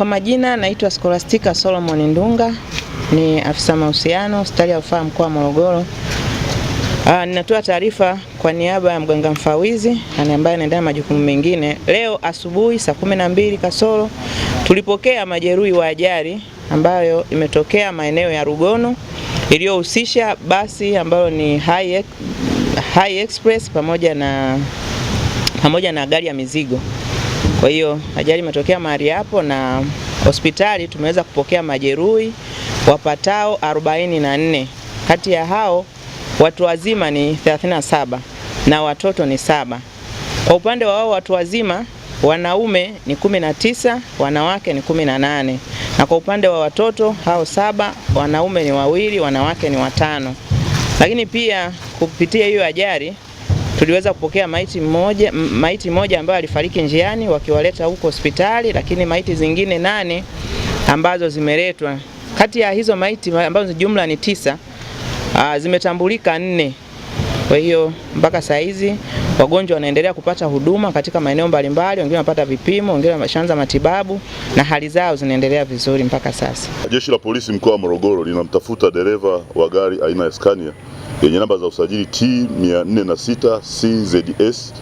Kwa majina naitwa Scholastica Solomon Ndunga, ni afisa mahusiano hospitali ya rufaa mkoa wa Morogoro. Ah, ninatoa taarifa kwa niaba ya mganga mfawizi ambaye anaendana majukumu mengine. Leo asubuhi saa kumi na mbili kasoro tulipokea majeruhi wa ajali ambayo imetokea maeneo ya Rugono iliyohusisha basi ambalo ni High, High Express pamoja na, pamoja na gari ya mizigo. Kwa hiyo ajali imetokea mahali hapo, na hospitali tumeweza kupokea majeruhi wapatao 44. Kati ya hao watu wazima ni 37 na watoto ni saba. Kwa upande wa wao watu wazima wanaume ni kumi na tisa, wanawake ni kumi na nane na kwa upande wa watoto hao saba, wanaume ni wawili, wanawake ni watano. Lakini pia kupitia hiyo ajali Tuliweza kupokea maiti mmoja, maiti mmoja ambayo alifariki njiani wakiwaleta huko hospitali, lakini maiti zingine nane ambazo zimeletwa. Kati ya hizo maiti ambazo jumla ni tisa, aa, ah, zimetambulika nne. Kwa hiyo mpaka saa hizi wagonjwa wanaendelea kupata huduma katika maeneo mbalimbali, wengine wanapata vipimo, wengine wameshaanza matibabu na hali zao zinaendelea vizuri mpaka sasa. Jeshi la Polisi mkoa wa Morogoro linamtafuta dereva wa gari aina ya Scania yenye namba za usajili T 406 CZS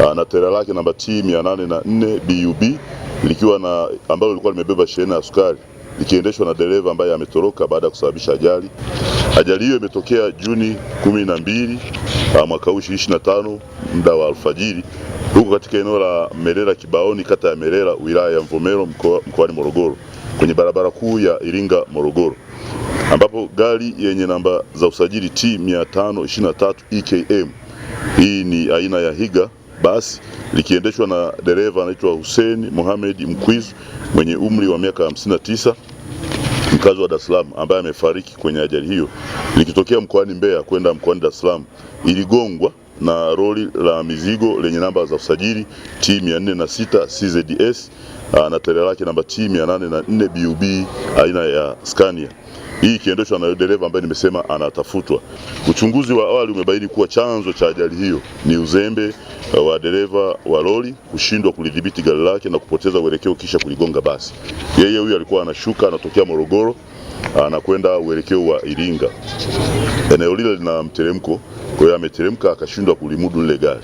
na ah, tera lake namba T 804 BUB likiwa na ambalo lilikuwa limebeba shehena ya sukari likiendeshwa na dereva ambaye ametoroka baada ya kusababisha ajali. Ajali hiyo imetokea Juni kumi na mbili ah, mwaka huu 25 muda wa alfajiri huko katika eneo la Merera Kibaoni, kata ya Merera, wilaya ya Mvomero, mkoani Morogoro, kwenye barabara kuu ya Iringa Morogoro ambapo gari yenye namba za usajili T 523 EKM, hii ni aina ya Higa basi likiendeshwa na dereva anaitwa Hussein Mohamed Mkwizu mwenye umri wa miaka 59 mkazi wa Dar es Salaam ambaye amefariki kwenye ajali hiyo likitokea mkoani Mbeya kwenda mkoani Dar es Salaam, iligongwa na roli la mizigo lenye namba za usajili T 406 CZDS na tele ah, lake namba T 804 BUB aina ya Scania hii ikiendeshwa na dereva ambaye nimesema anatafutwa. Uchunguzi wa awali umebaini kuwa chanzo cha ajali hiyo ni uzembe uh, wa dereva wa lori kushindwa kulidhibiti gari lake na kupoteza uelekeo kisha kuligonga basi. Yeye huyu alikuwa anashuka anatokea Morogoro anakwenda uelekeo wa Iringa. Eneo lile lina mteremko, kwa hiyo ameteremka akashindwa kulimudu lile gari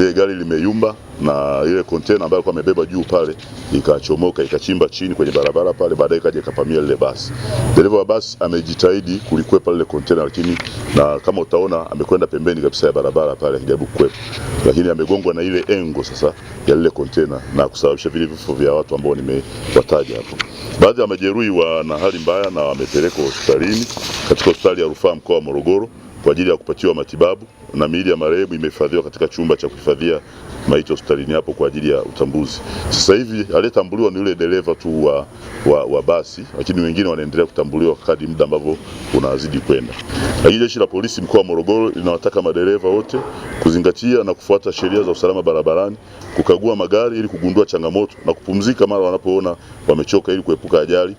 ile gari limeyumba na ile container ambayo alikuwa amebeba juu pale ikachomoka ikachimba chini kwenye barabara pale, baadaye kaja ikapamia lile basi. Dereva wa basi amejitahidi kulikwepa lile container, lakini na kama utaona amekwenda pembeni kabisa ya barabara pale akijaribu kukwepa, lakini amegongwa na ile engo sasa ya lile container na kusababisha vile vifo vya watu ambao nimewataja hapo. Baadhi ya majeruhi wana hali mbaya na wamepelekwa hospitalini katika hospitali ya rufaa mkoa wa Morogoro kwa ajili ya kupatiwa matibabu na miili ya marehemu imehifadhiwa katika chumba cha kuhifadhia maiti hospitalini hapo kwa ajili ya utambuzi. Sasa hivi aliyetambuliwa ni yule dereva tu wa, wa, wa basi, lakini wengine wanaendelea kutambuliwa kadri muda ambavyo unazidi kwenda. Lakini jeshi la polisi mkoa wa Morogoro linawataka madereva wote kuzingatia na kufuata sheria za usalama barabarani, kukagua magari ili kugundua changamoto na kupumzika mara wanapoona wamechoka, ili kuepuka ajali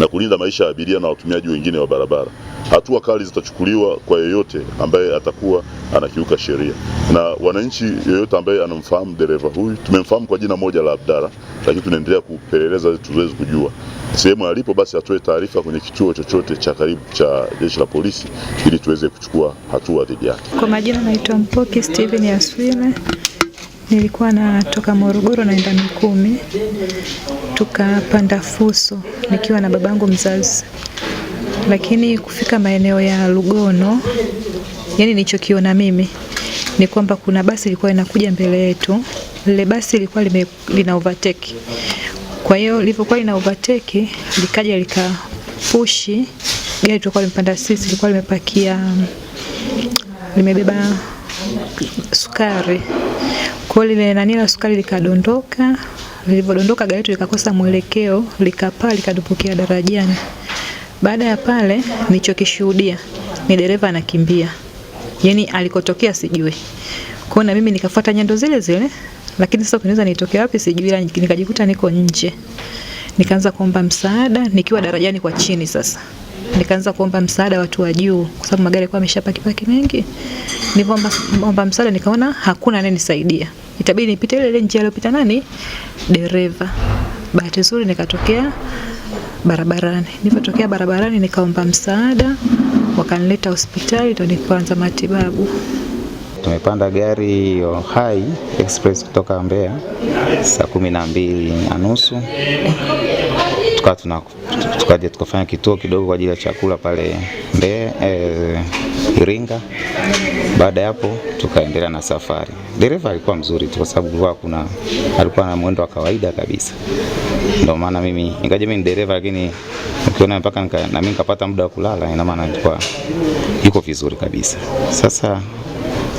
na kulinda maisha ya abiria na watumiaji wengine wa barabara hatua kali zitachukuliwa kwa yeyote ambaye atakuwa anakiuka sheria, na wananchi yeyote ambaye anamfahamu dereva huyu, tumemfahamu kwa jina moja la Abdalla, lakini tunaendelea kupeleleza ili tuweze kujua sehemu alipo, basi atoe taarifa kwenye kituo chochote cha karibu cha jeshi la polisi ili tuweze kuchukua hatua dhidi yake. Kwa majina naitwa Mpoki Steven Aswile. Nilikuwa natoka Morogoro naenda Mikumi, tukapanda Fuso nikiwa na babangu mzazi lakini kufika maeneo ya Lugono, yani nilichokiona mimi ni kwamba kuna basi ilikuwa inakuja mbele yetu. Lile basi lilikuwa lina overtake, kwa hiyo lilivyokuwa lina overtake likaja likapushi gari tulikuwa limepanda sisi, lilikuwa limepakia limebeba sukari. Kwa lile nani la sukari likadondoka, lilivyodondoka gari letu likakosa mwelekeo, likapaa likadupukia darajani. Baada ya pale nilichokishuhudia ni dereva anakimbia, yaani alikotokea sijui. Kwa hiyo na mimi nikafuata nyendo zile zile, lakini sasa tunaweza nitoke wapi sijui, ila yaani nikajikuta niko nje, nikaanza kuomba msaada nikiwa darajani kwa chini. Sasa nikaanza kuomba msaada watu wa juu, kwa sababu magari yalikuwa yameshapaki paki mengi. Nilipoomba msaada, nikaona hakuna anayenisaidia, itabidi nipite ile ile njia aliyopita nani dereva. Bahati nzuri nikatokea barabarani. Nilipotokea barabarani, nikaomba msaada, wakanileta hospitali ndio nikaanza matibabu. Tumepanda gari ohai Express kutoka Mbeya saa kumi na mbili na nusu tukafanya kituo kidogo kwa ajili ya chakula pale Mbeya eh, Iringa. Baada ya hapo tukaendelea na safari. Dereva alikuwa mzuri tu, kwa sababu kuna alikuwa na mwendo wa kawaida kabisa, ndio maana mimi ingaje mimi ni dereva, lakini ukiona mpaka na mimi nikapata muda wa kulala, ina maana alikuwa yuko vizuri kabisa. Sasa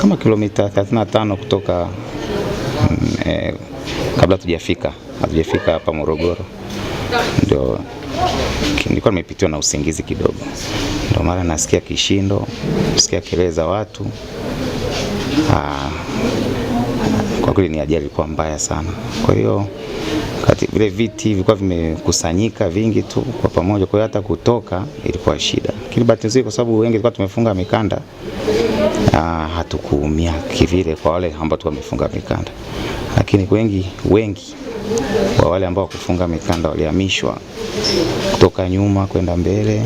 kama kilomita 35 kutoka eh, kabla tujafika hatujafika hapa Morogoro ndio nilikuwa nimepitiwa na usingizi kidogo, ndio mara nasikia kishindo, nasikia kelele za watu. Aa, ah, kwa kweli ni ajali ilikuwa mbaya sana. Kwa hiyo kati vile viti vilikuwa vimekusanyika vingi tu kwa pamoja, kwa hiyo hata kutoka ilikuwa shida, lakini bahati nzuri kwa sababu wengi tulikuwa tumefunga mikanda Ah, hatukuumia kivile kwa wale ambao tu wamefunga mikanda, lakini wengi wengi wa wale ambao kufunga mikanda walihamishwa kutoka nyuma kwenda mbele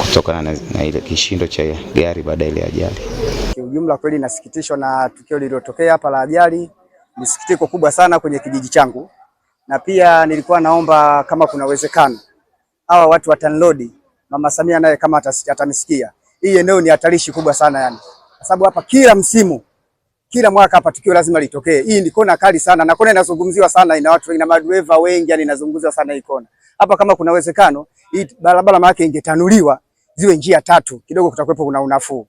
kutokana na, na ile kishindo cha gari baada ile ajali. Kiujumla kweli nasikitishwa na tukio lililotokea hapa la ajali, ni sikitiko kubwa sana kwenye kijiji changu, na pia nilikuwa naomba kama kuna uwezekano hawa watu wa TANROADS, Mama Samia naye kama atanisikia hii eneo ni hatarishi kubwa sana yani, kwa sababu hapa kila msimu, kila mwaka hapa tukio lazima litokee. Hii ni kona kali sana na kona inazungumziwa sana, ina watu na madereva wengi yani, inazungumziwa sana hii kona hapa. Kama kuna uwezekano hii barabara maake ingetanuliwa ziwe njia tatu, kidogo kutakuwepo kuna unafuu.